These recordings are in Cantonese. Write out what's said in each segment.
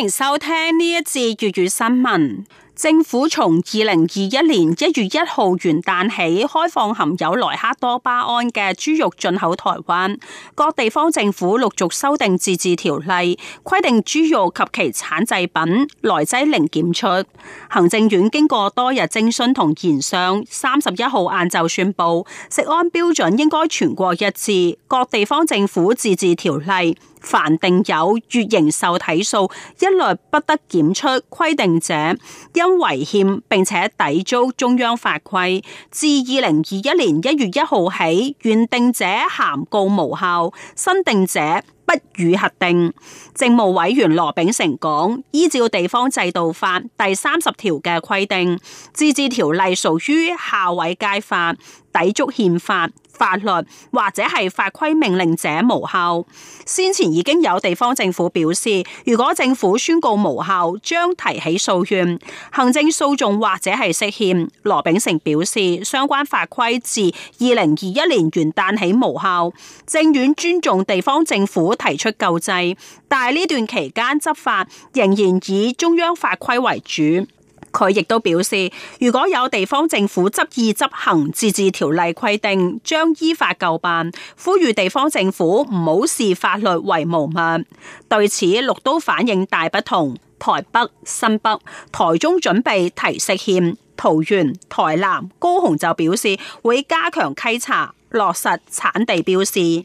歡迎收聽呢一節粵語新聞。政府從二零二一年一月一號元旦起開放含有萊克多巴胺嘅豬肉進口台灣。各地方政府陸續修訂自治條例，規定豬肉及其產製品萊劑零檢出。行政院經過多日徵詢同研商，三十一號晏晝宣布，食安標準應該全國一致。各地方政府自治條例凡定有月營受體數一律不得檢出規定者，違憲，並且抵觸中央法規。自二零二一年一月一號起，原定者函告無效，新定者不予核定。政務委員羅秉成講：依照地方制度法第三十條嘅規定，自治條例屬於下位階法，抵觸憲法。法律或者係法規命令者無效。先前已經有地方政府表示，如果政府宣告無效，將提起訴願、行政訴訟或者係釋憲。羅秉成表示，相關法規自二零二一年元旦起無效，政院尊重地方政府提出救濟，但係呢段期間執法仍然以中央法規為主。佢亦都表示，如果有地方政府執意執行自治條例規定，將依法究辦。呼籲地方政府唔好視法律為無物。對此，六都反應大不同。台北、新北、台中準備提釋憲，桃園、台南、高雄就表示會加強稽查，落實產地標示。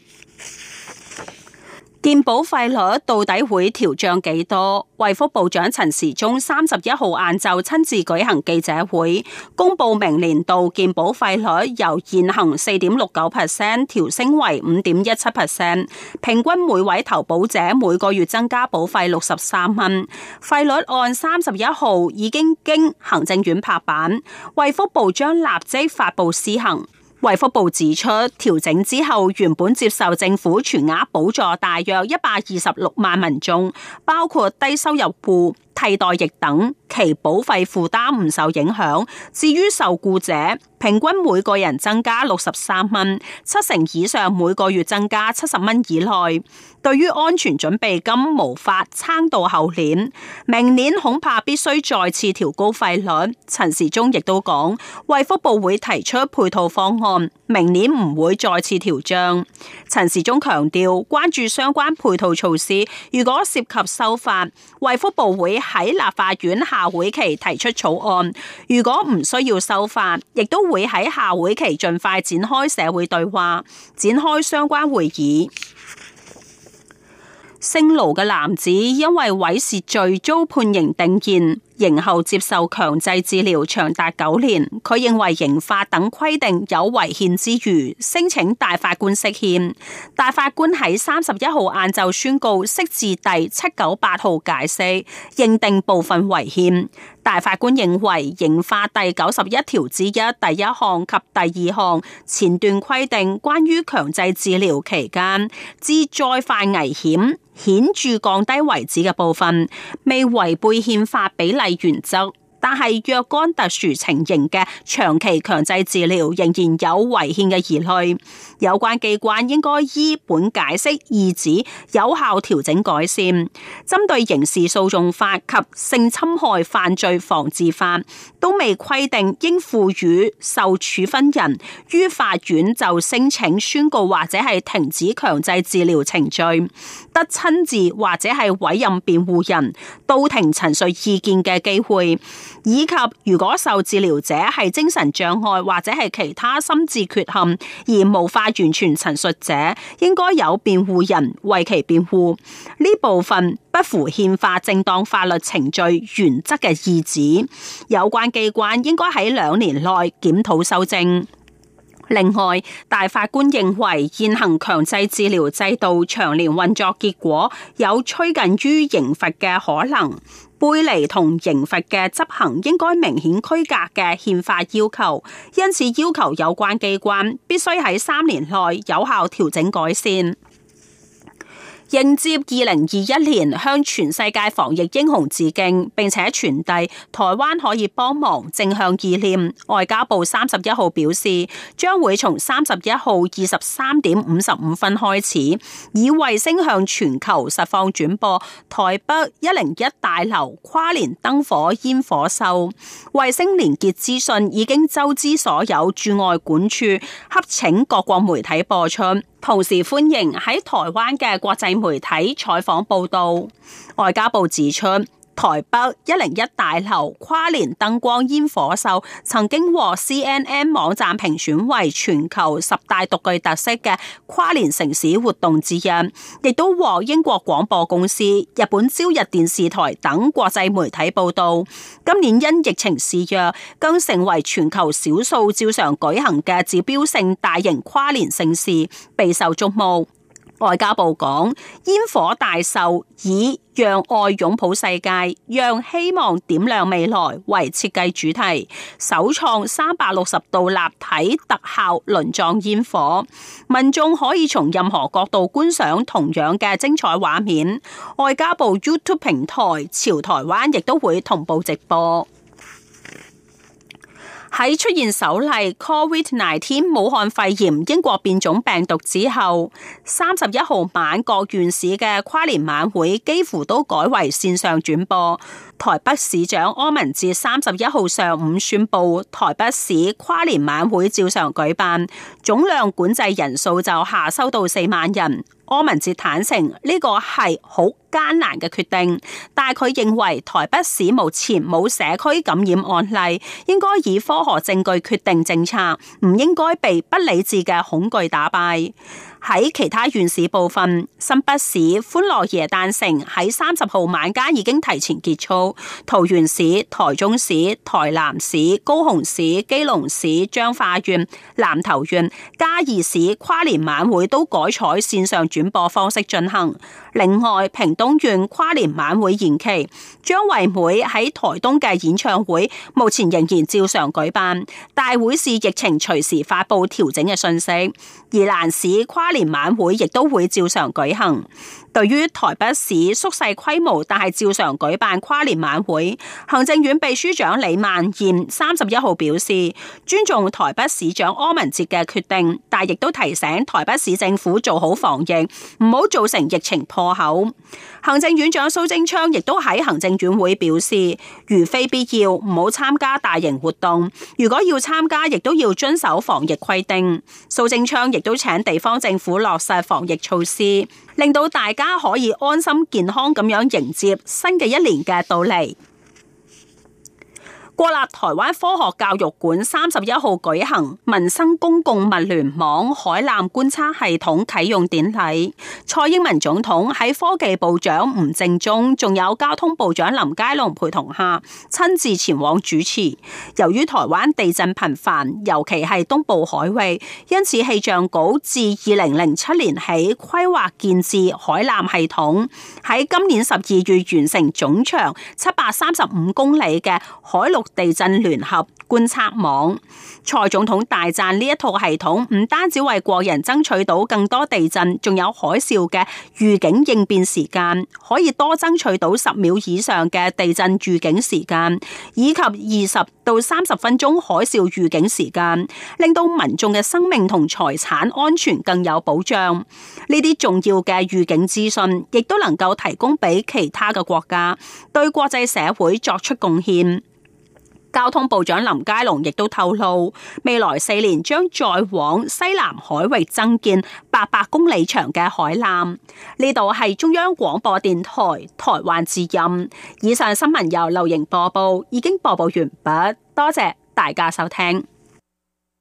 健保費率到底會調漲幾多？衛福部長陳時中三十一號晏晝親自舉行記者會，公布明年度健保費率由現行四點六九 percent 調升為五點一七 percent，平均每位投保者每個月增加保費六十三蚊。費率案三十一號已經經行政院拍板，衛福部將立即發布施行。衛福部指出，調整之後，原本接受政府全額補助大約一百二十六萬民眾，包括低收入戶、替代液等，其保費負擔唔受影響。至於受僱者，平均每個人增加六十三蚊，七成以上每個月增加七十蚊以內。對於安全準備金無法撐到後年，明年恐怕必須再次調高費率。陳時中亦都講，衛福部會提出配套方案，明年唔會再次調漲。陳時中強調，關注相關配套措施，如果涉及修法，衛福部會。喺立法院下會期提出草案，如果唔需要修法，亦都會喺下會期盡快展開社會對話，展開相關會議。姓盧嘅男子因為猥褻罪遭判刑定讞，刑後接受強制治療長達九年，佢認為刑法等規定有違憲之虞，申請大法官釋憲。大法官喺三十一號晏晝宣告釋字第七九八號解釋，認定部分違憲。大法官認為刑法第九十一條之一第一項及第二項前段規定，關於強制治療期間之再犯危險顯著降低遺址嘅部分，未違背憲法比例原則。但係，若干特殊情形嘅長期強制治療仍然有違憲嘅疑慮。有關機關應該依本解釋意旨有效調整改善。針對刑事訴訟法及性侵害犯罪防治法，都未規定應賦予受處分人於法院就申請宣告或者係停止強制治療程序，得親自或者係委任辯護人到庭陳述意見嘅機會。以及如果受治療者係精神障礙或者係其他心智缺陷而無法完全陳述者，應該有辯護人為其辯護。呢部分不符憲法正當法律程序原則嘅意旨，有關機關應該喺兩年內檢討修正。另外，大法官認為現行強制治療制度長年運作，結果有趨近於刑罰嘅可能。背離同刑罰嘅執行應該明顯區隔嘅憲法要求，因此要求有關機關必須喺三年內有效調整改善。迎接二零二一年向全世界防疫英雄致敬，並且傳遞台灣可以幫忙正向意念。外交部三十一號表示，將會從三十一號二十三點五十五分開始，以衛星向全球實況轉播台北一零一大樓跨年燈火煙火秀。衛星連結資訊已經周知所有駐外館處，洽請各國媒體播出，同時歡迎喺台灣嘅國際。媒體採訪報道，外交部指出，台北一零一大樓跨年燈光煙火秀曾經獲 CNN 網站評選為全球十大獨具特色嘅跨年城市活動之一，亦都獲英國廣播公司、日本朝日電視台等國際媒體報道。今年因疫情肆虐，更成為全球少數照常舉行嘅指標性大型跨年盛事，備受矚目。外交部講，煙火大秀以「讓愛擁抱世界，讓希望點亮未來」為設計主題，首創三百六十度立體特效輪狀煙火，民眾可以從任何角度觀賞同樣嘅精彩畫面。外交部 YouTube 平台、潮台灣亦都會同步直播。喺出現首例 Covid nineteen 武漢肺炎英國變種病毒之後，三十一號晚各縣市嘅跨年晚會幾乎都改為線上轉播。台北市長柯文哲三十一號上午宣佈，台北市跨年晚會照常舉辦，總量管制人數就下收到四萬人。柯文哲坦承呢、這個係好。艱難嘅決定，但係佢認為台北市目前冇社區感染案例，應該以科學證據決定政策，唔應該被不理智嘅恐懼打敗。喺其他縣市部分，新北市歡樂耶誕城喺三十號晚間已經提前結束，桃園市、台中市、台南市、高雄市、基隆市、彰化縣、南投縣、嘉義市跨年晚會都改採線上轉播方式進行。另外，屏東。港元跨年晚會延期，張惠妹喺台東嘅演唱會目前仍然照常舉辦。大會是疫情隨時發布調整嘅信息，而蘭市跨年晚會亦都會照常舉行。對於台北市縮細規模但係照常舉辦跨年晚會，行政院秘書長李萬燕三十一號表示，尊重台北市長柯文哲嘅決定，但亦都提醒台北市政府做好防疫，唔好造成疫情破口。行政院長蘇貞昌亦都喺行政院會表示，如非必要唔好參加大型活動，如果要參加，亦都要遵守防疫規定。蘇貞昌亦都請地方政府落實防疫措施，令到大家可以安心健康咁樣迎接新嘅一年嘅到嚟。國立台灣科學教育館三十一號舉行民生公共物聯網海纜觀測系統啟用典禮，蔡英文總統喺科技部長吳政忠，仲有交通部長林佳龍陪同下親自前往主持。由於台灣地震頻繁，尤其係東部海域，因此氣象局自二零零七年起規劃建置海纜系統，喺今年十二月完成總長七百三十五公里嘅海纜。地震聯合觀測網，蔡總統大讚呢一套系統唔單止為國人爭取到更多地震，仲有海嘯嘅預警應變時間，可以多爭取到十秒以上嘅地震預警時間，以及二十到三十分鐘海嘯預警時間，令到民眾嘅生命同財產安全更有保障。呢啲重要嘅預警資訊亦都能夠提供俾其他嘅國家，對國際社會作出貢獻。交通部長林佳龍亦都透露，未來四年將再往西南海域增建八百公里長嘅海纜。呢度係中央廣播電台台灣之音。以上新聞由劉瑩播報，已經播報完畢，多謝大家收聽。